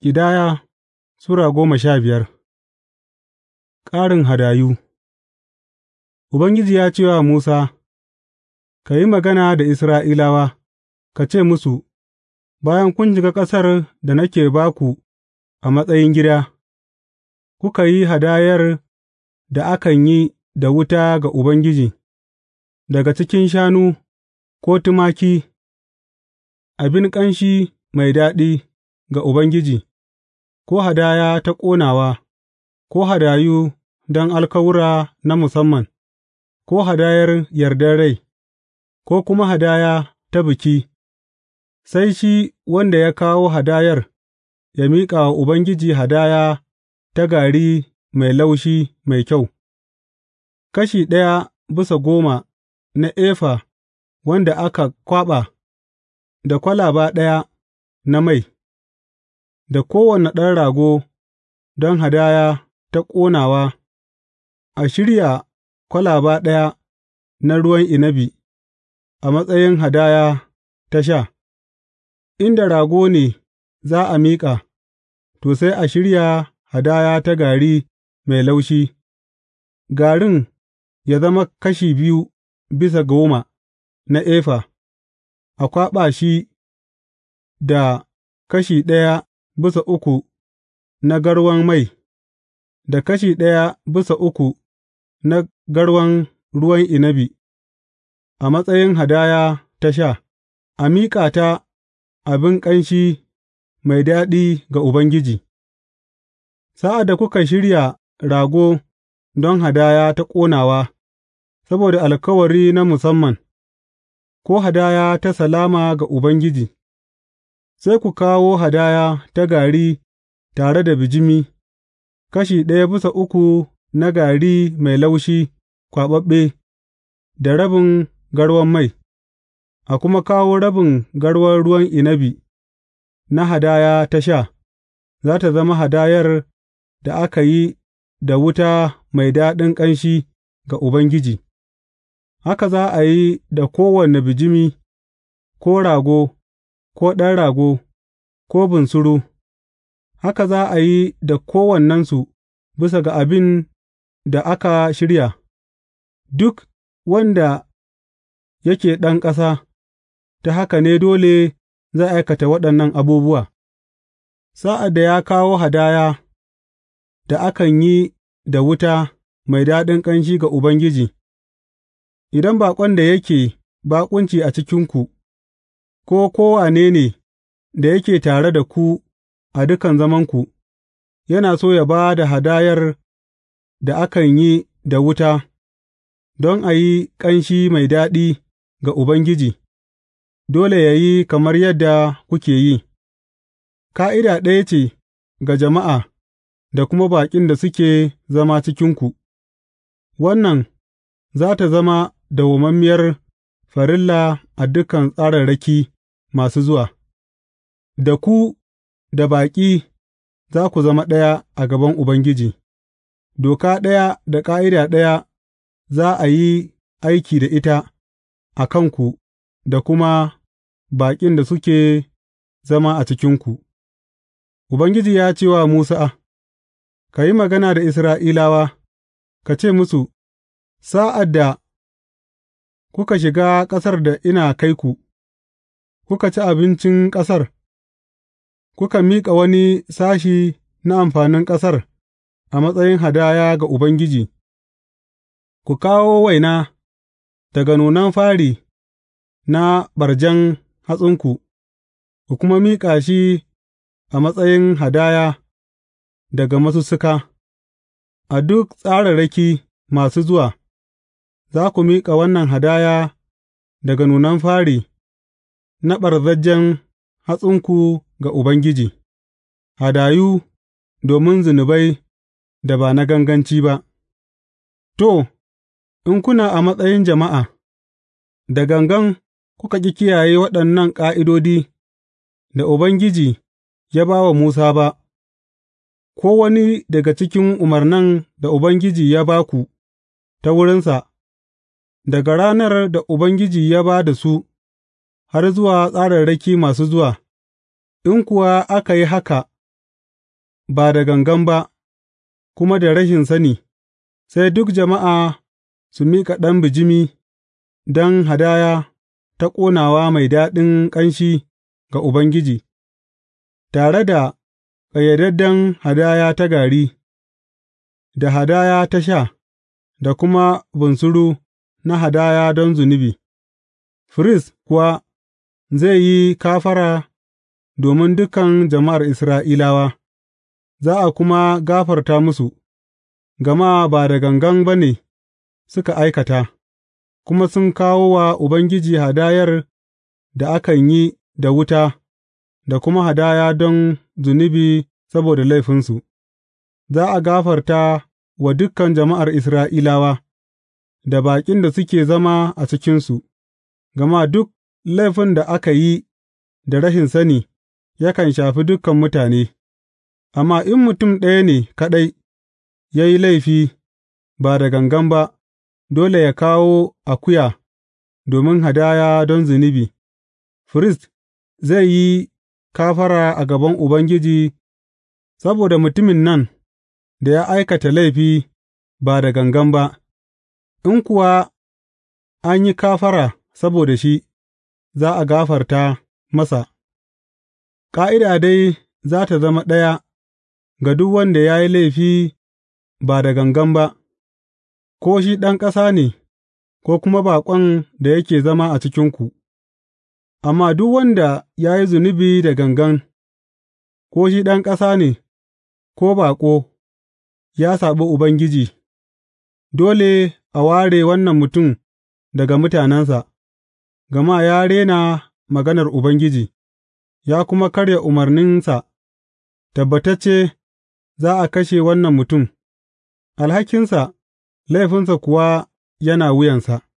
Ƙidaya Sura goma sha biyar Ƙarin hadayu Ubangiji ya ce wa Musa, Ka yi magana da Isra'ilawa, ka ce musu, Bayan kun shiga ƙasar da nake ba ku a matsayin gida, kuka yi hadayar da akan yi da wuta ga Ubangiji, daga cikin shanu ko tumaki, abin ƙanshi mai daɗi ga Ubangiji. ko hadaya ta ƙonawa, ko hadayu don alkawura na musamman, ko hadayar yardar rai, ko kuma hadaya ta biki, sai shi wanda ya kawo hadayar ya miƙa wa Ubangiji hadaya ta gari mai laushi mai kyau, kashi ɗaya bisa goma na efa wanda aka kwaɓa da kwalaba ɗaya na mai. da kowane ɗan rago don hadaya ta ƙonawa a shirya kwalaba ɗaya na ruwan inabi a matsayin hadaya ta sha, inda rago ne za a miƙa, to, sai a shirya hadaya ta gari mai laushi, garin ya zama kashi biyu bisa goma na efa, a kwaɓa shi da kashi ɗaya bisa uku na garwan mai, da kashi ɗaya bisa uku na garwan ruwan inabi, a matsayin hadaya ta sha, a miƙa ta abin ƙanshi mai daɗi ga Ubangiji. Sa'ad da kuka shirya rago don hadaya ta ƙonawa, saboda alkawari na musamman, ko hadaya ta salama ga Ubangiji. sai ku kawo hadaya ta gari tare da bijimi, kashi ɗaya bisa uku na gari mai laushi kwaɓaɓɓe, da rabin garwan mai, a kuma kawo rabin garwan ruwan inabi na hadaya ta sha, za ta zama hadayar da aka yi da wuta mai daɗin ƙanshi ga Ubangiji, haka za a yi da kowane bijimi ko rago. ko ɗan rago, ko bunsuru, haka za a yi da kowannensu bisa ga abin da aka shirya, duk wanda yake ɗan ƙasa, ta haka ne dole za a aikata waɗannan abubuwa, sa'ad da ya kawo hadaya da akan yi da wuta mai daɗin ƙanshi ga Ubangiji, idan baƙon da yake baƙunci a cikinku ko kowane ne da yake tare da ku a dukan zamanku, yana so ya ba da hadayar da akan yi da wuta don a yi ƙanshi mai daɗi ga Ubangiji, dole ya yi kamar yadda kuke yi, Ka'ida ɗaya ce ga jama'a da kuma baƙin da suke zama cikinku, wannan za ta zama dawwammamiyar farilla a dukan tsararraki. masu zuwa, da ku da baƙi za ku zama ɗaya a gaban Ubangiji, doka ɗaya da ƙa'ida ɗaya za a yi aiki da ita a kanku da kuma baƙin da suke zama a cikinku. Ubangiji ya ce wa Musa, Ka yi magana da Isra'ilawa, ka ce musu, Sa'ad da kuka shiga ƙasar da ina kai ku, kuka ci abincin ƙasar, kuka miƙa wani sashi na amfanin ƙasar a matsayin hadaya ga Ubangiji, ku kawo waina daga nunan fari na ɓarjen hatsinku, ku kuma miƙa shi a matsayin hadaya daga masussuka, a duk tsararraki masu zuwa, za ku miƙa wannan hadaya daga nunan fari. na ɓarzajjen hatsinku ga Ubangiji, hadayu domin zunubai da ba na ganganci ba, to, in kuna a matsayin jama'a, da gangan kuka ƙi kiyaye waɗannan ƙa'idodi da Ubangiji ya ba wa Musa ba, ko wani daga cikin umarnan da Ubangiji ya ba ku ta wurinsa, daga ranar da Ubangiji ya ba da su. har zuwa tsararraki masu zuwa, in kuwa aka yi haka ba da gangan ba, kuma da rashin sani, sai duk jama'a su miƙa ɗan bijimi don hadaya ta ƙonawa mai daɗin ƙanshi ga Ubangiji, tare da ƙayyadadden hadaya ta gari, da hadaya ta sha, da kuma bunsuru na hadaya don zunubi, firist kuwa zai yi kafara domin dukan jama'ar Isra'ilawa, za a kuma gafarta musu, gama ba da gangan ba ne suka aikata, kuma sun kawo wa Ubangiji hadayar da akan yi da wuta da kuma hadaya don zunubi saboda laifinsu, za a gafarta wa dukan jama'ar Isra'ilawa da baƙin da suke zama a cikinsu, gama duk laifin da aka yi da rashin sani yakan shafi dukan mutane, amma in mutum ɗaya ne kaɗai ya yi laifi ba da gangan ba, dole ya kawo akuya domin hadaya don zunubi, firist zai yi kafara a gaban Ubangiji saboda mutumin nan da ya aikata laifi ba da gangan ba, in kuwa an yi kafara saboda shi. za a gafarta masa, ƙa'ida dai za tă zama ɗaya ga duk wanda ya yi laifi ba da gangan ba, ko shi ɗan ƙasa ne, ko kuma baƙon da yake zama a cikinku, amma duk wanda ya yi zunubi da gangan, ko shi ɗan ƙasa ne, ko baƙo, ya saɓi Ubangiji, dole a ware wannan mutum daga mutanensa. gama ya rena maganar Ubangiji ya kuma karya umarninsa, tabbatacce za a kashe wannan mutum, alhakinsa, laifinsa kuwa yana wuyansa.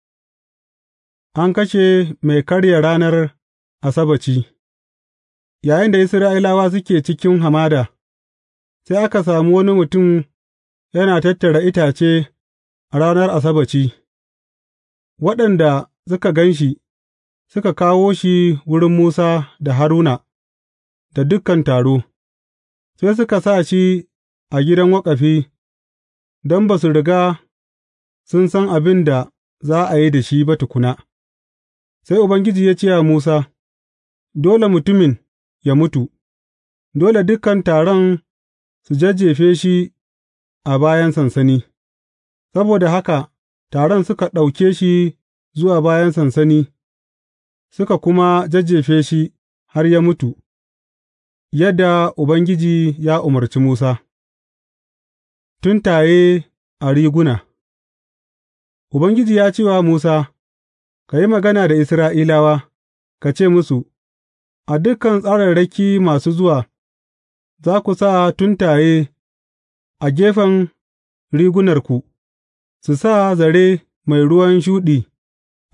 An kashe mai karya ranar Asabaci. yayin da Isra'ilawa suke cikin hamada, sai aka sami wani mutum yana tattara itace a ranar Asabaci. waɗanda suka gan shi Suka kawo shi wurin Musa da Haruna da dukan taro, sai suka sa shi a gidan waƙafi don ba su riga sun san abin da za a yi da shi ba tukuna, sai Ubangiji ya ce wa Musa, Dole mutumin ya mutu, dole dukan taron su jajjefe shi a bayan sansani, saboda haka taron suka ɗauke shi zuwa bayan sansani. suka kuma jajjefe shi har ya mutu, yadda Ubangiji ya umarci Musa. Tuntaye a riguna Ubangiji ya ce wa Musa, Ka yi magana da Isra'ilawa, ka ce musu, A dukan tsararraki masu zuwa, za ku sa tuntaye a gefen rigunarku, su sa zare mai ruwan shuɗi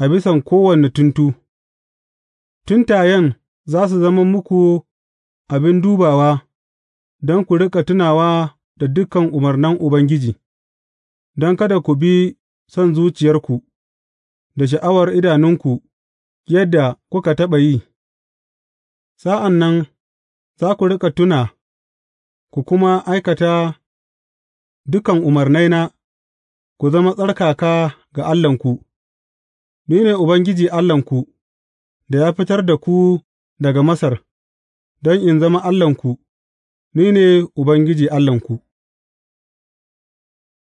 a bisan kowane tuntu. Tuntayen za su zama muku abin dubawa don ku riƙa tunawa da dukan umarnan Ubangiji, don kada ku bi son zuciyarku da sha'awar idanunku yadda kuka taɓa yi, sa'an nan za ku riƙa tuna ku kuma aikata dukan umarnaina, ku zama tsarkaka ga Allahnku, ni ne Ubangiji Allahnku. da ya fitar da ku daga Masar, don in zama Allahnku, ni ne Ubangiji Allahnku.